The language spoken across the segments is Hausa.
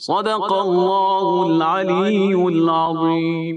صدق الله العلي العظيم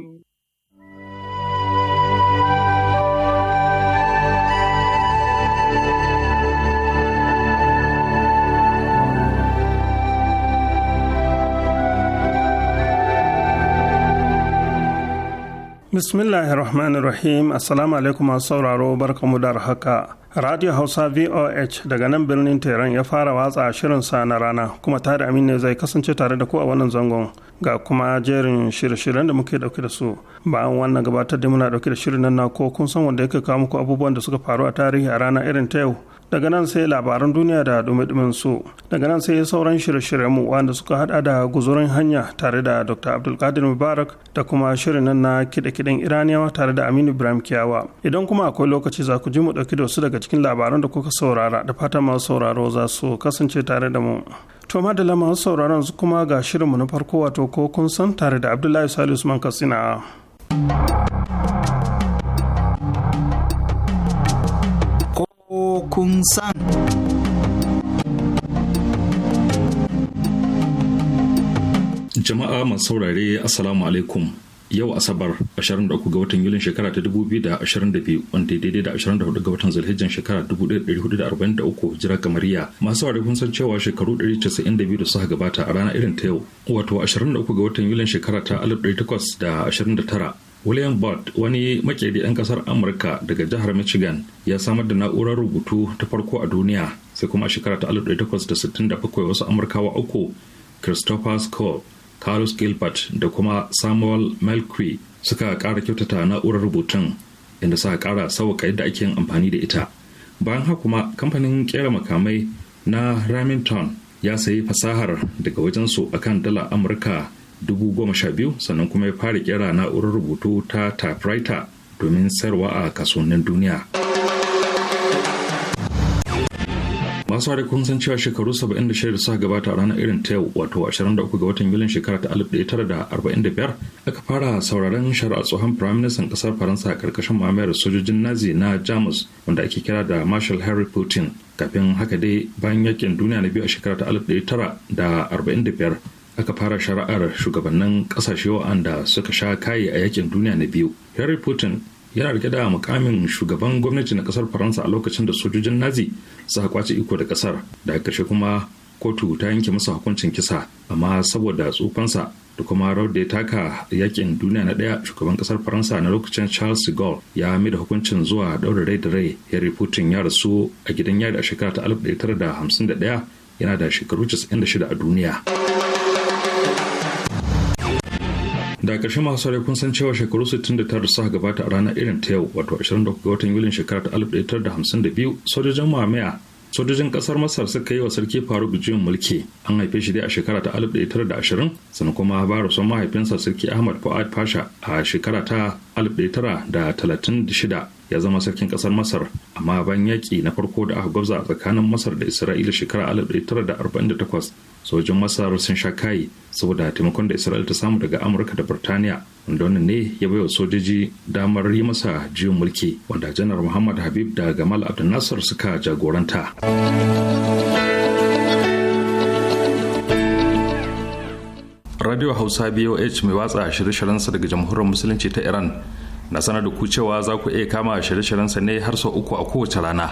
بسم الله الرحمن الرحيم السلام عليكم ورحمه الله وبركاته radio hausa voh daga nan birnin tehran ya fara watsa shirin sa na rana kuma tare amin ne zai kasance tare da ku a wannan zangon ga kuma jerin shirye-shiryen da muke dauke da su bayan wannan gabatar da muna dauke da shirin nan na ko kun san wanda yake kawo muku abubuwan da suka faru a tarihi a rana irin ta yau daga nan sai labaran duniya da dumi su daga nan sai sauran shirye-shiryenmu wanda suka hada da guzurin hanya tare da dr abdulkadir mubarak da kuma shirin nan na kide-kiden iraniyawa tare da aminu ibrahim kiyawa idan kuma akwai lokaci za ku ji mu dauki da wasu daga cikin labaran da kuka saurara da fata masu sauraro za su kasance tare da mu to madalla masu sauraron su kuma ga shirinmu na farko wato ko kun san tare da abdullahi salisu man katsina ko kun san. Jama'a masu saurare Assalamu alaikum. Yau Asabar 23 ga watan Yulin shekara ta 2022 wanda daidai da 24 ga watan Zulhijjan shekara 1443 jira kamariya. Masu wari kun san cewa shekaru 192 da suka gabata a rana irin ta yau, wato 23 ga watan Yulin shekara ta 1829 william bott wani makeri 'yan kasar amurka daga jihar michigan ya samar da na'urar rubutu ta farko a duniya sai kuma a shekara ta 1867 wasu amurkawa uku christopher scott carlos gilbert da kuma samuel melchior suka kara kyautata na'urar rubutun inda suka kara sauƙa yadda ake amfani da ita bayan haka kuma kamfanin ƙera makamai na remington ya sayi fasahar daga wajensu akan dala amurka 2012 sannan kuma ya fara kera na'urar rubutu ta typewriter domin sayarwa a kasuwannin duniya. masu ware kun san cewa shekaru 76 da suka gabata a ranar irin ta yau wato 23 ga watan yulin shekara ta 1945 aka fara sauraron shari'a tsohon firaministan kasar faransa a karkashin mamayar sojojin nazi na jamus wanda ake kira da marshal harry putin kafin haka dai bayan yakin duniya na biyu a shekara ta 1945 aka fara shari'ar shugabannin kasashe wa'anda suka sha kayi a yakin duniya na biyu harry putin yana rike da mukamin shugaban gwamnati na kasar faransa a lokacin da sojojin nazi suka kwace iko da kasar da ƙarshe kuma kotu ta yanke masa hukuncin kisa amma saboda tsufansa da kuma rawar da ya taka yakin duniya na ɗaya shugaban kasar faransa na lokacin charles de ya mai da hukuncin zuwa daura rai da rai harry putin ya rasu a gidan yari a shekara ta 1951 yana da shekaru da shida a duniya. da ƙarshe masu sarai kun san cewa shekaru 69 da suka gabata a ranar irin ta yau wato 23 ga watan yulin shekarar 1952 sojojin mamaya sojojin kasar masar suka yi wa sarki faru juyin mulki an haife shi dai a shekara ta 1920 sannan kuma ba son mahaifinsa sarki ahmad fuad pasha a shekara ta 1936 ya zama sarkin kasar masar amma ban yaki na farko da aka gwabza a tsakanin masar da isra'ila shekarar 1948 sojin masar sun sha kai saboda taimakon da isra'ila ta samu daga amurka da birtaniya wanda wannan ne ya baiwa sojoji damar yi masa juyin mulki wanda janar muhammad habib da gamal abdul nasir suka jagoranta radio hausa boh mai watsa shirye-shiryensa daga jamhuriyar musulunci ta iran na sanar da ku cewa za ku iya kama shirye sa ne har sau uku a kowace rana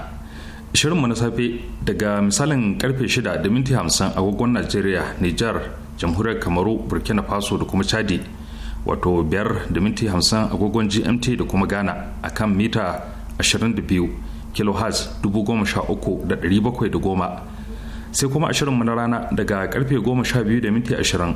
shirinmu na safe daga misalin karfe 6 da minti 50 agogon najeriya nijar jamhuriyar kamaru burkina faso da kuma chadi wato 5 da minti 50 agogon gmt da kuma ghana a kan mita 22 da goma sai kuma a shirinmu na rana daga karfe 12 da minti ashirin.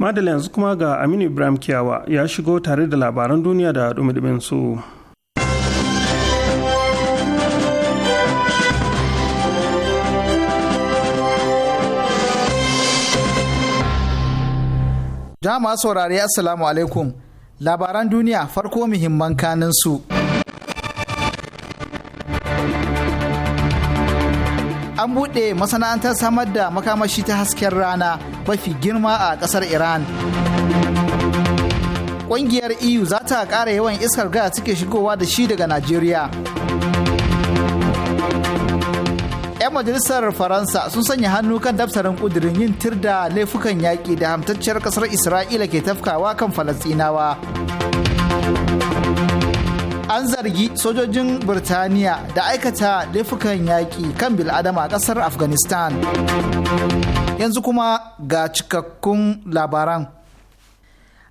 Madalin yanzu kuma ga aminu ibrahim kiyawa ya shigo tare da labaran duniya da dumi su. jama'a saurari assalamu alaikum labaran duniya farko muhimman kanin su. an buɗe masana'antar samar da makamashi ta hasken rana mafi girma a ƙasar iran ƙungiyar eu za ta ƙara yawan iskar gaya suke shigowa da shi daga najeriya 'yan majalisar faransa sun sanya hannu kan daftarin ƙudurin yin tir da laifukan yaƙi da hamtacciyar ƙasar isra'ila ke tafkawa kan falasɗinawa an zargi sojojin birtaniya da aikata laifukan yaƙi kan bil'adama a ƙasar afghanistan yanzu kuma ga cikakkun labaran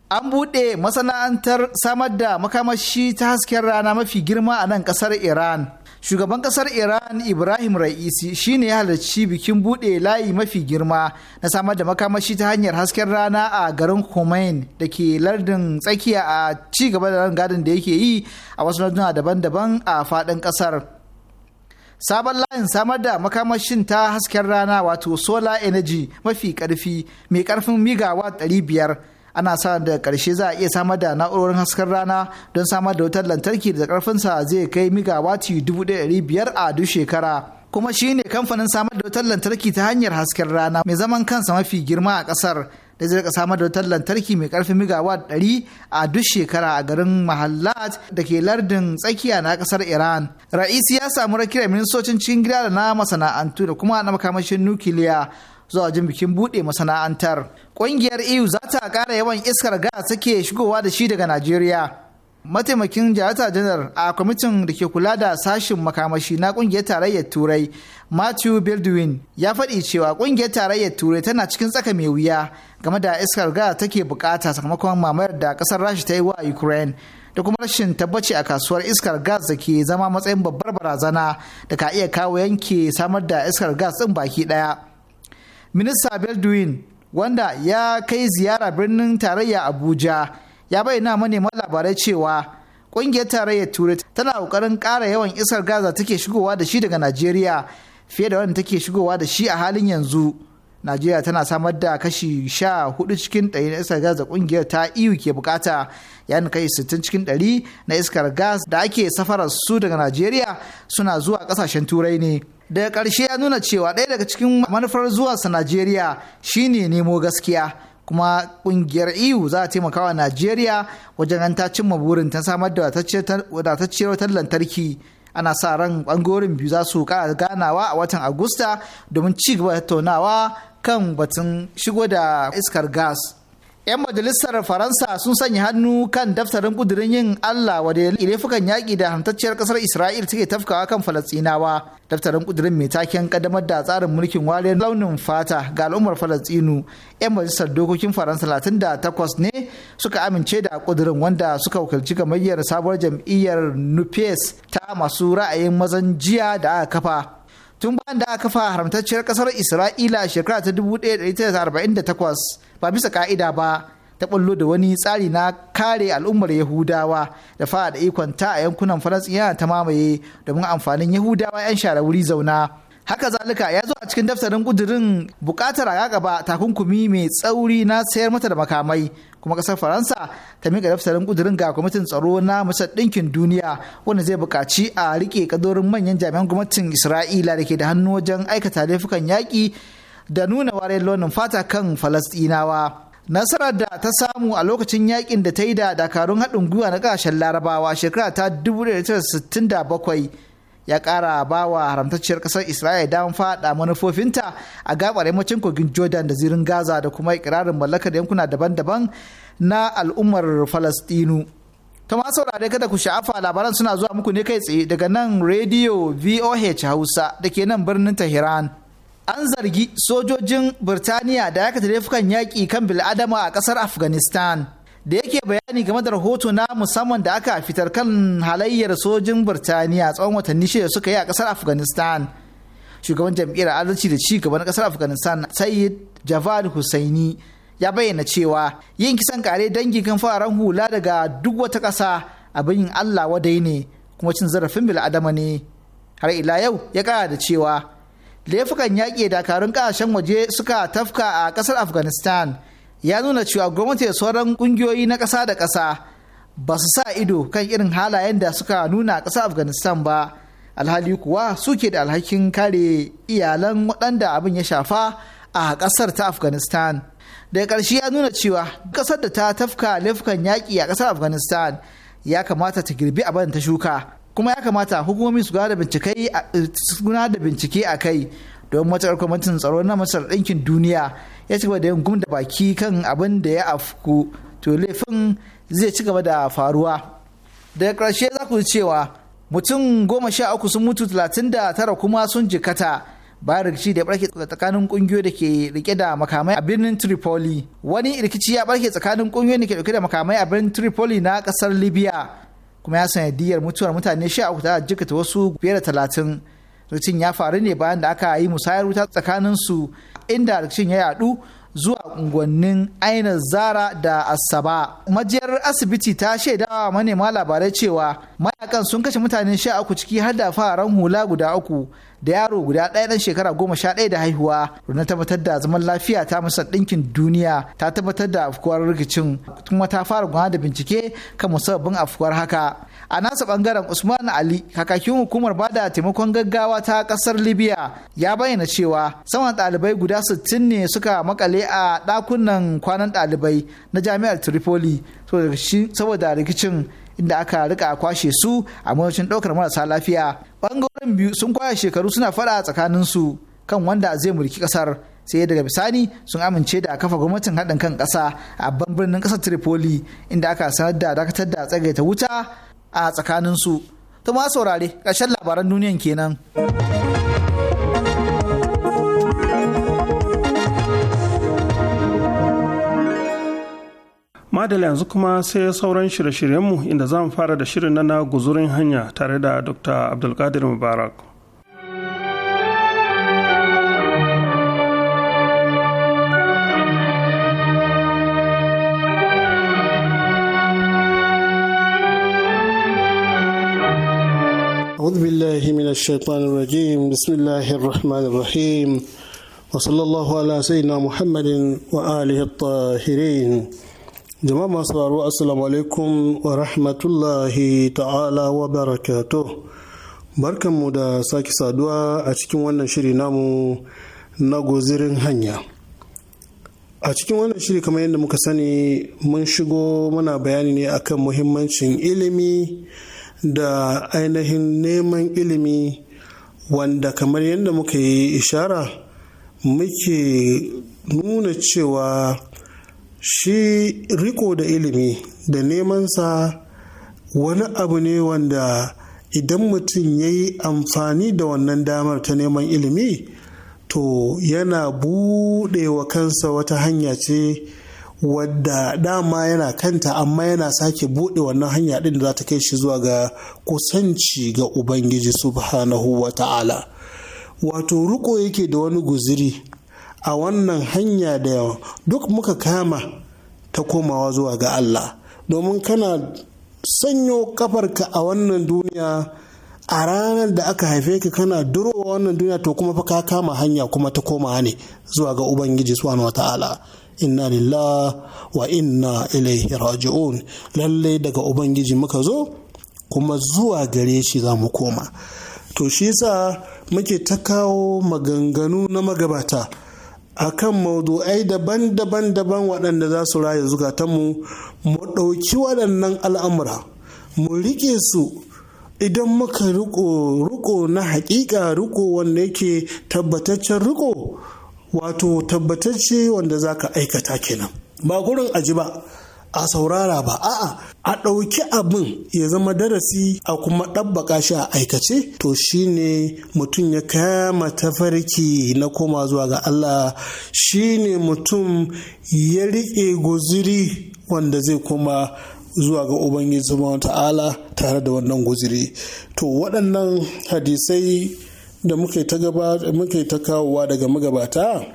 an buɗe masana'antar samar da makamashi ta hasken rana mafi girma a nan ƙasar iran shugaban kasar iran ibrahim ra'isi shine ya halarci bikin buɗe layi mafi girma na samar da makamashi ta hanyar hasken rana a garin khomein da ke lardin tsakiya a ci gaba da gadin da yake yi a wasu larduna daban-daban a fadin ƙasar sabon layin samar da makamashin ta hasken rana wato solar energy mafi karfi mai ƙarfin migawa 500 ana sa da karshe za a iya samar da na'urorin hasken rana don samar da wutar lantarki da ƙarfinsa zai kai migawati dubu ɗaya biyar a duk shekara. kuma shi ne kamfanin samar da wutar lantarki ta hanyar hasken rana mai zaman kansa mafi girma a kasar da zai rika samar da wutar lantarki mai karfin megawatt ɗari a duk shekara a garin mahallat da ke lardin tsakiya na kasar iran ra'isi ya samu rakira ministocin cikin gida da na masana'antu da kuma na makamashin nukiliya zuwa jin bikin buɗe masana'antar. Ƙungiyar EU za ta ƙara yawan iskar gas take shigowa da shi daga Najeriya. mataimakin jarata janar a kwamitin da ke kula da sashin makamashi na ƙungiyar tarayyar turai matthew bildwin ya faɗi cewa ƙungiyar tarayyar turai tana cikin tsaka mai wuya game da iskar gas take bukata sakamakon mamayar da ƙasar rasha ta yi wa ukraine da kuma rashin tabbaci a kasuwar iskar gas da ke zama matsayin babbar barazana da ka iya kawo yanke samar da iskar gas ɗin baki ɗaya Minista Belduin wanda ya kai ziyara birnin tarayya Abuja ya bayyana manema labarai cewa ƙungiyar tarayyar Turai tana ƙoƙarin ƙara yawan isar Gaza take shigowa da shi daga Najeriya fiye da wanda take shigowa da shi a halin yanzu. najeriya tana samar da kashi sha hudu cikin ɗari na iskar gas da ƙungiyar ta iyu e ke bukata 'yan kai sittin cikin ɗari na iskar gas da ake safara su daga najeriya suna zuwa ƙasashen turai ne daga ƙarshe ya nuna cewa ɗaya daga cikin manufar zuwa sa najeriya shine nemo gaskiya kuma ƙungiyar iyu e za ta taimaka wa najeriya wajen an ta cimma burin ta samar da wadatacciyar wutar lantarki ana sa ran bangorin biyu za su kara ganawa a watan agusta domin ci gaba da tattaunawa kan batun shigo da iskar gas 'yan majalisar faransa sun sanya hannu kan daftarin kudirin yin allah wadda irefukan yaƙi da hantacciyar ƙasar isra'il suke tafkawa kan falastinawa daftarin kudirin mai taken kaddamar da tsarin mulkin wariyar launin fata ga al'ummar falastinu 'yan majalisar dokokin faransa da takwas ne suka amince da kudirin wanda suka wakilci gamayyar sabuwar jam'iyyar nupes ta masu ra'ayin mazan jiya da aka kafa tun bayan da aka kafa haramtacciyar kasar isra'ila shekara ta 1948 ba bisa ka'ida ba ta ɓallo da wani tsari na kare al'ummar yahudawa da fara da ikon ta a yankunan yana ta mamaye domin amfanin yahudawa 'yan shara wuri zauna haka zalika ya zo a cikin daftarin kudirin bukatar a gaba takunkumi mai tsauri na sayar mata da makamai kuma kasar faransa ta mika daftarin kudirin ga kwamitin tsaro na masar ɗinkin duniya wanda zai buƙaci a rike kadorin manyan jami'an gwamnatin isra'ila da ke da hannu wajen aikata laifukan yaƙi da nuna wariyar launin fata kan falastinawa nasarar da ta samu a lokacin yakin da ta yi da dakarun haɗin gwiwa na ƙasashen larabawa shekara ta 1967 ya kara ba wa haramtacciyar kasar isra'ila damar fada manufofinta a gabar yammacin kogin jordan da zirin gaza da kuma ikirarin mallakar yankuna daban-daban na al'ummar falastinu tama saurare kada ku sha'afa labaran suna zuwa muku ne kai tsaye daga nan rediyo voh hausa da ke nan birnin tehran an zargi sojojin birtaniya da yakata laifukan yaƙi kan bil'adama a ƙasar afghanistan da yake bayani game da rahoto na musamman da aka fitar kan halayyar sojin Birtaniya tsawon watanni shida suka yi a kasar Afghanistan. Shugaban jam'iyyar adalci da ci gaba na kasar Afghanistan Sayyid Javad Hussaini ya bayyana cewa yin kisan kare dangi kan fararen hula daga duk wata ƙasa abin yin Allah wadai ne kuma cin zarafin bil'adama ne. Har ila yau ya kara da cewa laifukan yaƙi dakarun ƙasashen waje suka tafka a ƙasar Afghanistan ya nuna cewa gwamnati da sauran kungiyoyi na ƙasa da ƙasa ba su sa ido kan irin halayen da suka nuna a ƙasar afghanistan ba alhali kuwa suke da alhakin kare iyalan waɗanda abin ya shafa a ƙasar ta afghanistan daga ƙarshe ya nuna cewa ƙasar da ta tafka laifukan yaƙi a ƙasar afghanistan ya kamata ta girbi abin ta shuka kuma ya kamata hukumomi su guna da bincike a kai don matsayar kwamitin tsaro na masar ɗinkin duniya ya ci gaba da yin gumda baki kan abin da ya afku to laifin zai ci gaba da faruwa daga karshe za ku cewa mutum goma sha uku sun mutu talatin da tara kuma sun jikata bayan rikici da barke tsakanin kungiyoyi da ke rike da makamai a birnin Tripoli. Wani rikici ya barke tsakanin kungiyoyi da ke rike da makamai a birnin Tripoli na kasar Libya kuma ya sanadiyar mutuwar mutane sha uku ta jikata wasu fiye da talatin. rikicin ya faru ne bayan da aka yi musayar wuta tsakanin su inda rikicin ya yadu zuwa unguwannin aina zara da asaba majiyar asibiti ta shaidawa manema labarai cewa mayakan sun kashe mutane sha uku ciki har da fararen hula guda uku da yaro guda ɗaya ɗan shekara goma sha ɗaya da haihuwa na tabbatar da zaman lafiya ta musa ɗinkin duniya ta tabbatar da afkuwar rikicin kuma ta fara gwana da bincike kan musabbabin afkuwar haka a nasa bangaren usman ali kakakin hukumar bada taimakon gaggawa ta ƙasar libya ya bayyana cewa saman ɗalibai guda sittin ne suka makale a ɗakunan kwanan ɗalibai na jami'ar tripoli saboda rikicin inda aka rika kwashe su a mawacin ɗaukar marasa lafiya ɓangaren biyu sun kwaya shekaru suna faɗa a tsakaninsu kan wanda zai mulki ƙasar sai daga bisani sun amince da kafa gwamnatin haɗin kan ƙasa a babban birnin ƙasar tripoli inda aka sanar da dakatar da tsagaita wuta a tsakaninsu to ma saurare ƙarshen labaran duniyan kenan. madala yanzu kuma sai sauran shirye-shiryenmu inda za mu fara da shirin na guzurin hanya tare da dr abdulkadir mubarak أعوذ بالله من الشيطان الرجيم بسم الله الرحمن الرحيم وصلى الله على سيدنا محمد وآله الطاهرين jama'a masu raro assalamu alaikum wa rahmatullahi ta'ala wa barakato barkanmu da sake saduwa a cikin wannan shiri namu na gozirin hanya a cikin wannan shiri kamar yadda muka sani mun shigo muna bayani ne akan muhimmancin ilimi da ainihin neman ilimi wanda kamar yadda muka yi ishara muke nuna cewa shi riko da ilimi da nemansa wani abu ne wanda idan mutum ya yi amfani da wannan damar ta neman ilimi to yana buɗewa wa kansa wata hanya ce wadda dama yana kanta amma yana sake buɗe wannan hanya ɗin da za ta kai shi zuwa ga kusanci ga ubangiji subhanahu wa ta'ala wato riko yake da wani guziri a wannan hanya da yawa duk muka kama ta komawa zuwa ga Allah domin kana sanyo kafarka a wannan duniya a ranar da aka haife ka kana durowa wannan duniya to kuma fa ka kama hanya kuma ta komawa ne zuwa ga ubangiji subhanahu ta'ala inna lillah wa inna ilaihi raji'un lallai daga ubangiji muka zo kuma zuwa gare shi za mu koma to shi yasa muke ta kawo maganganu na magabata a kan maudu'ai daban-daban daban waɗanda za su raya zukatanmu mu ɗauki waɗannan al'amura mu riƙe su idan muka riƙo riko na haƙiƙa riko wanda yake tabbataccen riƙo wato tabbatacce wanda za ka aikata kenan ba gurin aji ba a saurara ba a'a a ɗauki abin ya zama darasi a kuma ɗabbaka shi a aikace to shine mutum ya kama tafarki na koma zuwa ga Allah shine mutum ya riƙe guziri wanda zai koma zuwa ga Ubangiji subhanahu ta'ala tare da wannan guziri to waɗannan hadisai da muke ta kawowa daga magabata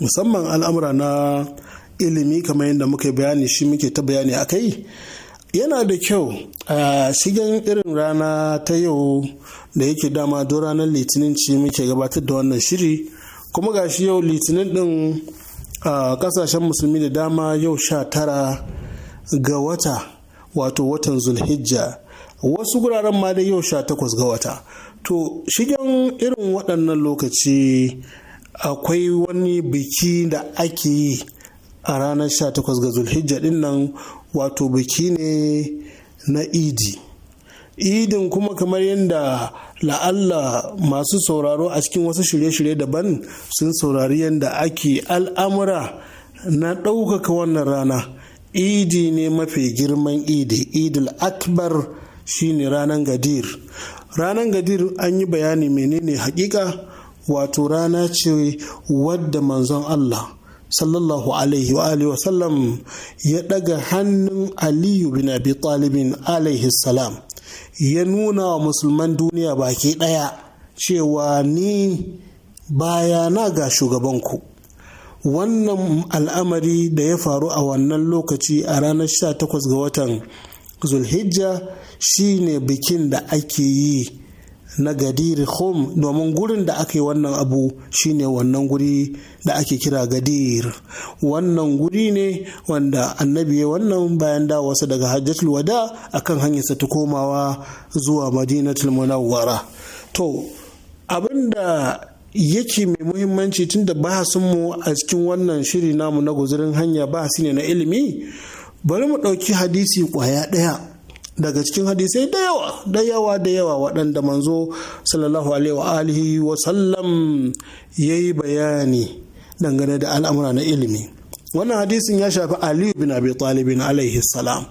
musamman al'amura na ilimi kamar yadda muka bayani shi muke ta bayani a kai yana da kyau a shigen irin rana ta yau da yake dama don ranar litinin ci muke gabatar da wannan shiri kuma ga shi yau litinin din a kasashen musulmi da dama yau sha tara ga wata wato watan zulhijja wasu guraren ma da yau sha takwas ga wata to shigen irin waɗannan lokaci akwai wani biki da ake yi a ranar 18 ga zulhijja din nan wato biki ne na idi idin kuma kamar yadda la'alla masu sauraro a cikin wasu shirye-shirye daban sun saurari yadda ake al'amura na ɗaukaka wannan rana idi ne mafi girman idi idil akbar shine ranar gadir ranar gadir an yi bayani menene hakika wato rana ce wadda manzon allah sallallahu alaihi wa alihi wasallam ya daga hannun aliyu bin abi talibin alaihi salam ya nuna wa musulman duniya baki daya cewa ni bayana ga shugabanku wannan al'amari da ya faru a wannan lokaci a ranar 18 ga watan zulhijja shine bikin da ake yi na gadiri khum domin gurin da aka yi wannan abu shine wannan guri da ake kira gadir wannan guri ne wanda annabi ya wannan bayan dawasa daga hajjatul wada akan hanyarsa ta komawa zuwa madinatul munawwara to abinda yake mai muhimmanci tunda mu a cikin wannan shiri namu na guzurin hanya ba ne na ilimi bari mu ɗauki hadisi ƙwaya ɗaya daga cikin hadisai da yawa da yawa da yawa waɗanda manzo sallallahu alaihi wa sallam ya yi bayani dangane da al'amura na ilimi wannan hadisin ya shafi aliyu bin abi talibin alaihi salam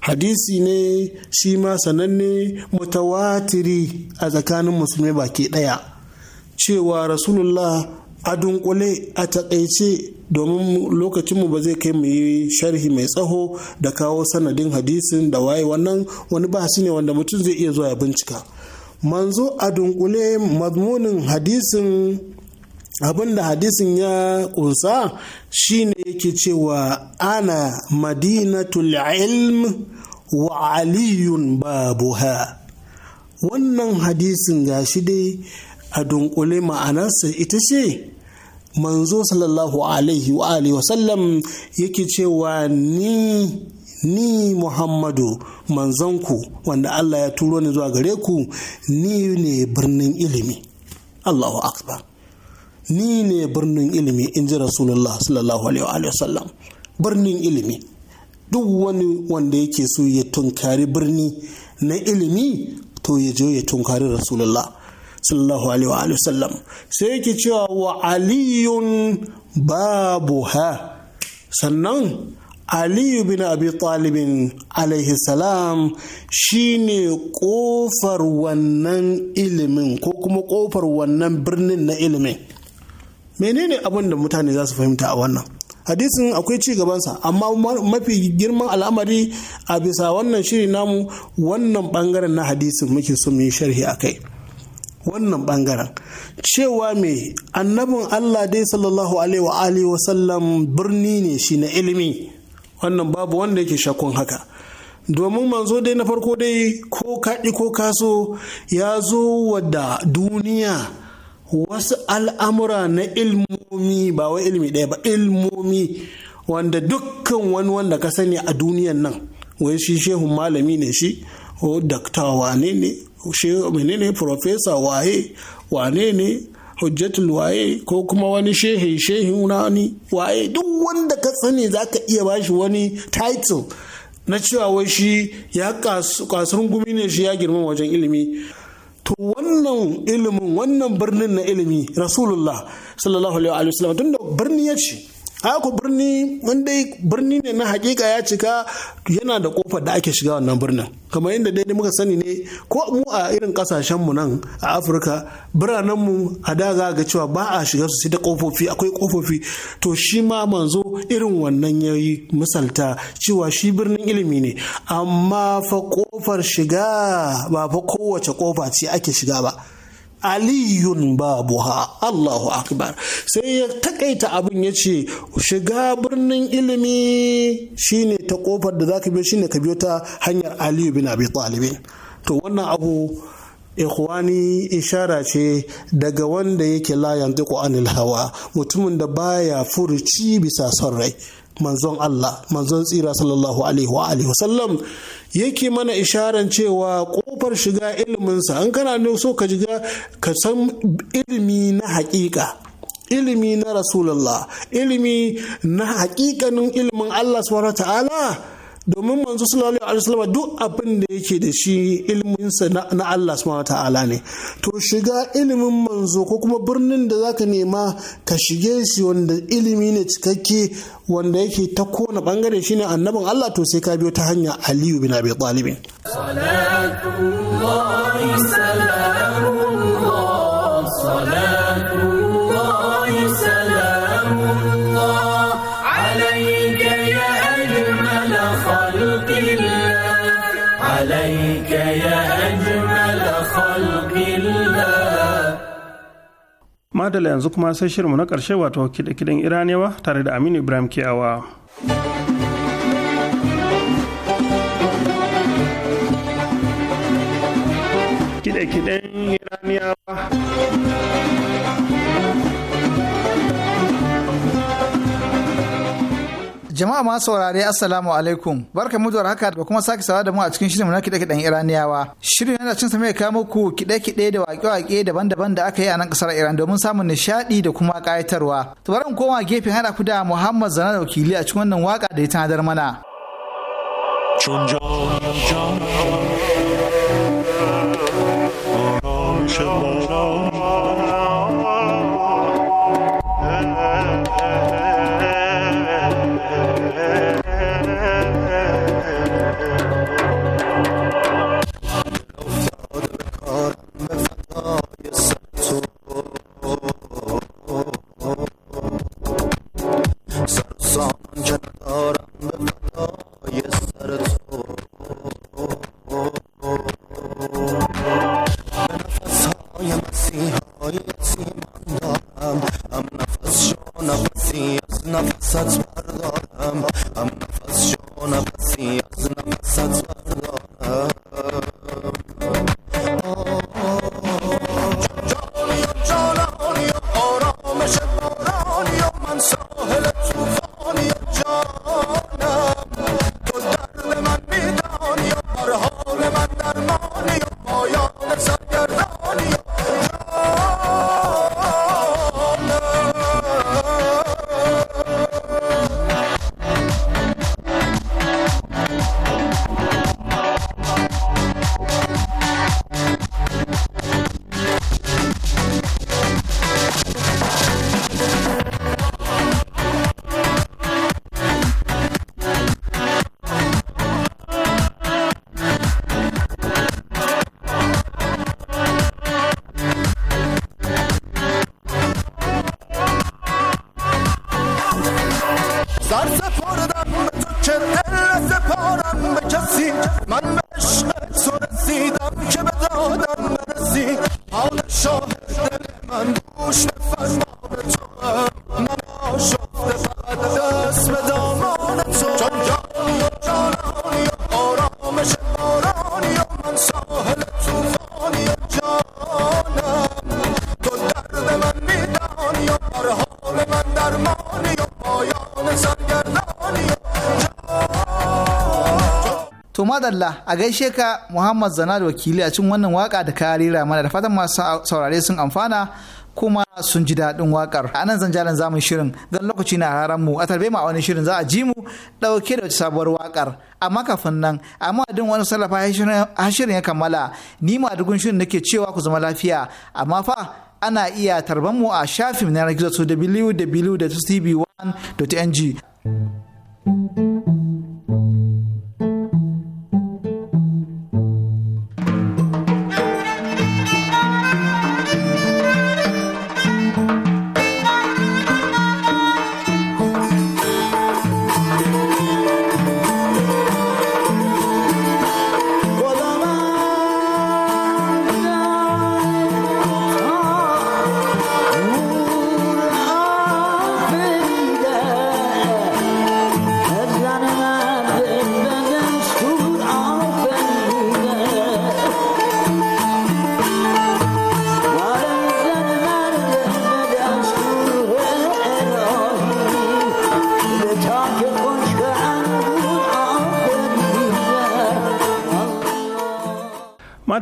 hadisi ne shi ma sananne mutawatiri a tsakanin musulmi baki ɗaya cewa rasulullah a dunkule a takaice domin lokacinmu ba zai kai mu yi sharhi mai tsaho da kawo sanadin hadisin da waye wannan wani shi ne wanda mutum zai iya zuwa ya bincika manzo a dunkule mazmunin hadisin abin da hadisin ya kunsa shine yake cewa ana madinatul ilm wa aliyun babuha wannan hadisin gashi dai a dunkule ma'anarsa ita ce manzo sallallahu alaihi wa alihi wasallam yake cewa ni ni muhammadu manzanku wanda allah ya turo ni zuwa gare ku ni ne birnin ilimi allahu akbar ni ne birnin ilimi in ji rasulullah sallallahu alaihi wasallam birnin ilimi duk wani wanda yake so ya tunkari birni na ilimi to ya je ya tunkari rasulullah sallallahu alaihi wa sallam sai yake cewa wa aliyun ha? sannan aliyu bin abi talibin alaihi salam shine kofar wannan ilimin ko kuma kofar wannan birnin na ilimin menene abin da mutane za su fahimta a wannan hadisin akwai ci gabansa amma mafi girman al'amari a bisa wannan shiri namu wannan bangaren na hadisin muke so mu yi sharhi a kai wannan bangaren cewa me annabin Allah dai sallallahu alaihi wa sallam birni ne shi na ilimi wannan babu wanda yake shakun haka domin manzo dai na farko dai ko kaɗi ko kaso ya zo wadda duniya wasu al'amura na ilmomi ba wai ilmi ɗaya ba ilmomi wanda dukkan wani wanda ka sani a duniyan nan wai shi shehun malami ne shi ko daktawa ne ne shi menene profesa waye wane ne hujjatul waye ko kuma wani shehi shehin wani waye duk wanda ka sani za ka iya bashi wani title na cewa wai shi ya kasurin gumi ne shi ya girma wajen ilimi to wannan ilimin wannan birnin na ilimi rasulullah sallallahu alaihi wasallam tunda birni ya ce haka birni in dai birni ne na hakika ya cika yana da kofar da ake shiga wannan birnin kamar yadda dai muka sani ne ko mu a irin kasashen mu nan a afirka biranen mu a da za ga cewa ba a shiga su sai da kofofi akwai kofofi to shi ma manzo irin wannan yayi misalta cewa shi birnin ilimi ne amma fa kofar shiga ba fa kowace kofa ce ake shiga ba aliyun babuha Allahu akbar sai ya takaita abin ya ce shiga birnin ilimi shine ta kofar da zaka biyo shine ka biyo ta hanyar aliyu bin abi talibi to wannan abu ikhwani ishara ce daga wanda yake layan duk anil hawa mutumin da baya furuci bisa son rai manzon Allah manzon tsira sallallahu alaihi wa alihi wasallam yake mana isharan cewa kofar shiga iliminsa an kana ne so ka shiga ka san ilimi na haƙiƙa ilimi na rasulullah ilimi na haƙiƙanin ilimin Allah subhanahu ta'ala domin manzo sallallahu alaihi wasallam duk abin da yake da shi sa na Allah subhanahu ta'ala ne to shiga ilimin manzo ko kuma birnin da zaka nema ka shige shi wanda ilimi ne cikakke wanda yake ta kona bangare shine annabin Allah to sai ka biyo ta hanya Aliyu bin Abi Talib sallallahu madala yanzu kuma sai shirinmu na ƙarshe wato kiɗe-kiɗen iraniyawa tare da aminu ibrahim kiyawa kiɗe-kiɗen iraniyawa Jama'a ma saurare Assalamu alaikum. Barka mu da haka da kuma sake sawa da mu a cikin shirin na kiɗe kiɗen Iraniyawa. Shirin yana cin mai kawo muku kiɗe kiɗe da waƙe waƙe daban-daban da aka yi a nan ƙasar Iran domin samun nishaɗi da kuma ƙayatarwa. To bari mu koma gefen haɗa ku da Muhammad Zana da wakili a cikin wannan waƙa da ya tanadar mana. madalla a gaishe ka Muhammad Zana wakili a cikin wannan waka da ka rera mana da fatan masu saurare sun amfana kuma sun ji daɗin wakar. A nan zanjalan zamun shirin gan lokaci na mu a tarbe mu a wani shirin za a ji mu ɗauke da wata sabuwar wakar. Amma kafin nan a madadin wani sallafa shirin ya kammala ni ma dugun shirin nake cewa ku zama lafiya amma fa ana iya tarban mu a shafin na gizo www.tv1.ng. thank you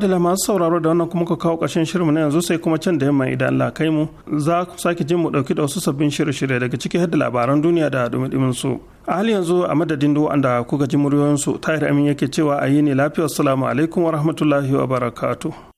madala masu sauraro da wannan kuma ka kawo ƙarshen shirinmu na yanzu sai kuma can da yamma idan Allah kai mu za ku sake jin mu ɗauki da wasu sabbin shirye-shirye daga ciki har labaran duniya da dumi su. A hali yanzu a madadin duwa da kuka ji muryoyinsu Tahir Amin yake cewa a yi ne lafiya assalamu alaikum wa rahmatullahi wa barakatuh.